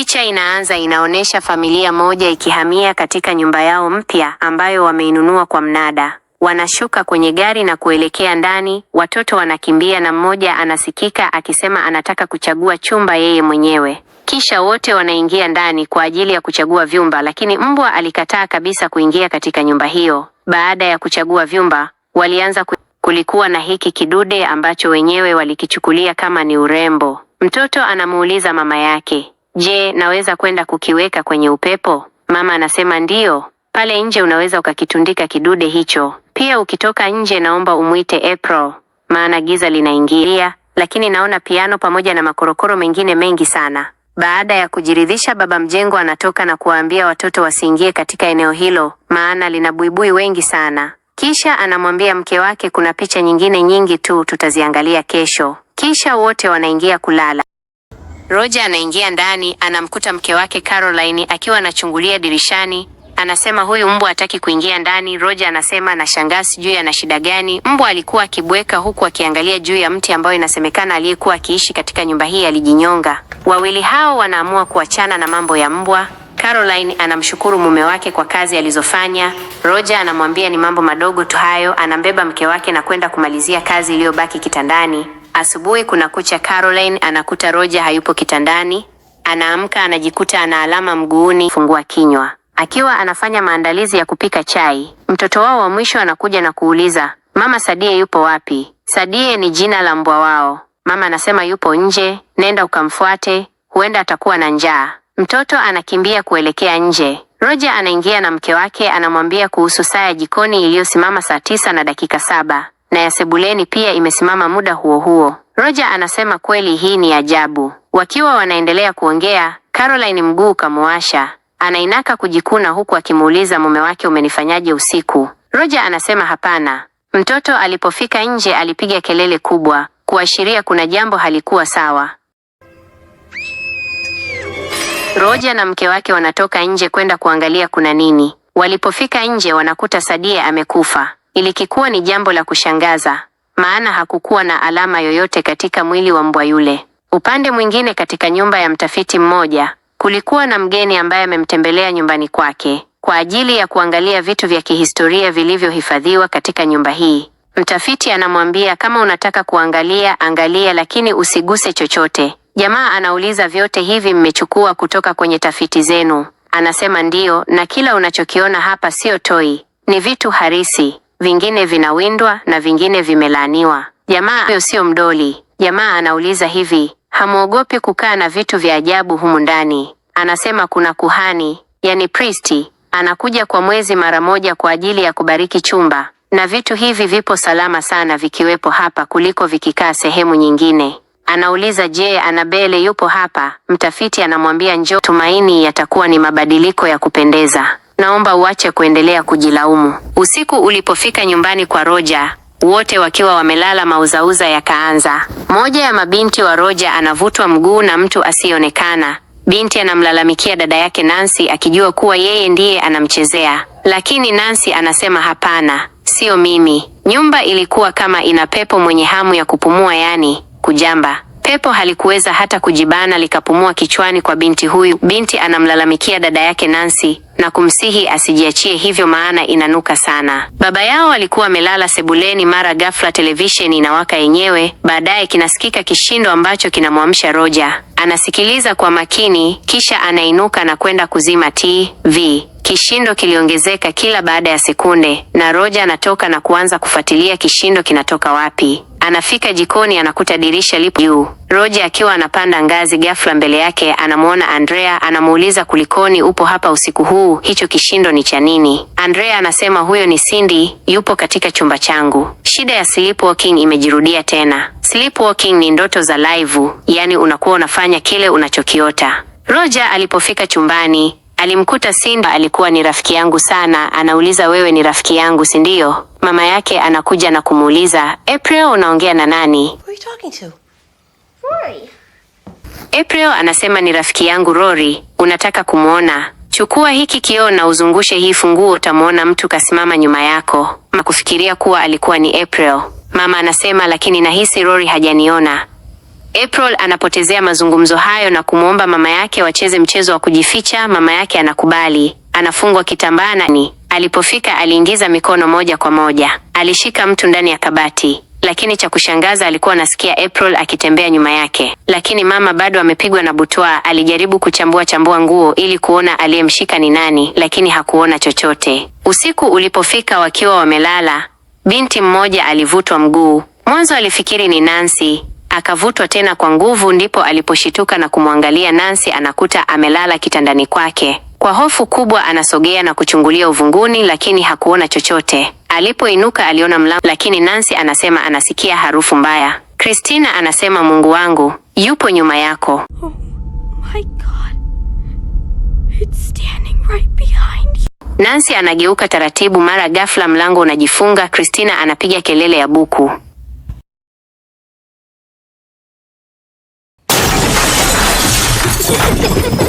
Picha inaanza inaonyesha familia moja ikihamia katika nyumba yao mpya ambayo wameinunua kwa mnada. Wanashuka kwenye gari na kuelekea ndani, watoto wanakimbia na mmoja anasikika akisema anataka kuchagua chumba yeye mwenyewe. Kisha wote wanaingia ndani kwa ajili ya kuchagua vyumba, lakini mbwa alikataa kabisa kuingia katika nyumba hiyo. Baada ya kuchagua vyumba, walianza ku... kulikuwa na hiki kidude ambacho wenyewe walikichukulia kama ni urembo. Mtoto anamuuliza mama yake Je, naweza kwenda kukiweka kwenye upepo? Mama anasema ndiyo. Pale nje unaweza ukakitundika kidude hicho. Pia ukitoka nje, naomba umwite April, maana giza linaingilia, lakini naona piano pamoja na makorokoro mengine mengi sana. Baada ya kujiridhisha, baba mjengo anatoka na kuwaambia watoto wasiingie katika eneo hilo, maana lina buibui wengi sana. Kisha anamwambia mke wake kuna picha nyingine nyingi tu, tutaziangalia kesho. Kisha wote wanaingia kulala. Roger anaingia ndani, anamkuta mke wake Caroline akiwa anachungulia dirishani. Anasema huyu mbwa hataki kuingia ndani. Roger anasema anashangaa, sijui ana shida gani. Mbwa alikuwa akibweka huku akiangalia juu ya mti ambayo inasemekana aliyekuwa akiishi katika nyumba hii alijinyonga. Wawili hao wanaamua kuachana na mambo ya mbwa. Caroline anamshukuru mume wake kwa kazi alizofanya. Roger anamwambia ni mambo madogo tu hayo, anambeba mke wake na kwenda kumalizia kazi iliyobaki kitandani. Asubuhi kuna kucha, Caroline anakuta Roger hayupo kitandani. Anaamka anajikuta ana alama mguuni, fungua kinywa. Akiwa anafanya maandalizi ya kupika chai, mtoto wao wa mwisho anakuja na kuuliza mama, Sadie yupo wapi? Sadie ni jina la mbwa wao. Mama anasema yupo nje, nenda ukamfuate, huenda atakuwa na njaa. Mtoto anakimbia kuelekea nje. Roger anaingia na mke wake anamwambia kuhusu saa ya jikoni iliyosimama saa tisa na dakika saba na ya sebuleni pia imesimama muda huo huo. Roger anasema kweli hii ni ajabu. Wakiwa wanaendelea kuongea, Caroline mguu kamuasha, anainaka kujikuna huku akimuuliza mume wake umenifanyaje usiku? Roger anasema hapana. Mtoto alipofika nje alipiga kelele kubwa kuashiria kuna jambo halikuwa sawa. Roger na mke wake wanatoka nje kwenda kuangalia kuna nini. Walipofika nje wanakuta Sadie amekufa ilikikuwa ni jambo la kushangaza, maana hakukuwa na alama yoyote katika mwili wa mbwa yule. Upande mwingine, katika nyumba ya mtafiti mmoja, kulikuwa na mgeni ambaye amemtembelea nyumbani kwake kwa ajili ya kuangalia vitu vya kihistoria vilivyohifadhiwa katika nyumba hii. Mtafiti anamwambia kama unataka kuangalia, angalia, lakini usiguse chochote. Jamaa anauliza vyote hivi mmechukua kutoka kwenye tafiti zenu? Anasema ndiyo, na kila unachokiona hapa sio toi, ni vitu harisi vingine vinawindwa na vingine vimelaaniwa. Jamaa huyo sio mdoli. Jamaa anauliza hivi, hamuogopi kukaa na vitu vya ajabu humu ndani? Anasema kuna kuhani, yani priesti, anakuja kwa mwezi mara moja kwa ajili ya kubariki chumba, na vitu hivi vipo salama sana vikiwepo hapa kuliko vikikaa sehemu nyingine. Anauliza, je, Anabele yupo hapa? Mtafiti anamwambia njoo. Tumaini yatakuwa ni mabadiliko ya kupendeza naomba uache kuendelea kujilaumu. Usiku ulipofika nyumbani kwa Roja, wote wakiwa wamelala, mauzauza yakaanza. Moja ya mabinti wa Roja anavutwa mguu na mtu asiyeonekana. Binti anamlalamikia dada yake Nancy akijua kuwa yeye ndiye anamchezea, lakini Nancy anasema hapana, sio mimi. Nyumba ilikuwa kama ina pepo mwenye hamu ya kupumua, yani kujamba. Pepo halikuweza hata kujibana, likapumua kichwani kwa binti huyu. Binti anamlalamikia dada yake Nancy na kumsihi asijiachie hivyo, maana inanuka sana. Baba yao alikuwa amelala sebuleni, mara ghafla televisheni inawaka yenyewe. Baadaye kinasikika kishindo ambacho kinamwamsha roja Anasikiliza kwa makini, kisha anainuka na kwenda kuzima TV. Kishindo kiliongezeka kila baada ya sekunde, na roja anatoka na kuanza kufuatilia kishindo kinatoka wapi. Anafika jikoni anakuta dirisha lipo juu. Roger akiwa anapanda ngazi, ghafla mbele yake anamuona Andrea, anamuuliza kulikoni, upo hapa usiku huu? Hicho kishindo ni cha nini? Andrea anasema huyo ni Cindy, yupo katika chumba changu. Shida ya sleepwalking imejirudia tena. Sleepwalking ni ndoto za live, yani unakuwa unafanya kile unachokiota. Roger alipofika chumbani Alimkuta Simba alikuwa ni rafiki yangu sana, anauliza wewe ni rafiki yangu si ndio? Mama yake anakuja na kumuuliza April, unaongea na nani? April anasema ni rafiki yangu Rory, unataka kumwona? Chukua hiki kioo na uzungushe hii funguo, utamwona mtu kasimama nyuma yako. Makufikiria kuwa alikuwa ni April. Mama anasema lakini nahisi Rory hajaniona. April anapotezea mazungumzo hayo na kumwomba mama yake wacheze mchezo wa kujificha. Mama yake anakubali, anafungwa kitambaa ndani. Alipofika aliingiza mikono moja kwa moja, alishika mtu ndani ya kabati, lakini cha kushangaza alikuwa anasikia April akitembea nyuma yake, lakini mama bado amepigwa na butwa. Alijaribu kuchambua chambua nguo ili kuona aliyemshika ni nani, lakini hakuona chochote. Usiku ulipofika, wakiwa wamelala, binti mmoja alivutwa mguu. Mwanzo alifikiri ni Nancy Akavutwa tena kwa nguvu, ndipo aliposhituka na kumwangalia Nancy, anakuta amelala kitandani kwake. Kwa hofu kubwa, anasogea na kuchungulia uvunguni, lakini hakuona chochote. Alipoinuka aliona mlango, lakini Nancy anasema anasikia harufu mbaya. Christina anasema Mungu wangu yupo nyuma yako. Oh my God. It's standing right behind you. Nancy anageuka taratibu, mara ghafla mlango unajifunga. Christina anapiga kelele ya buku. Oh, my God.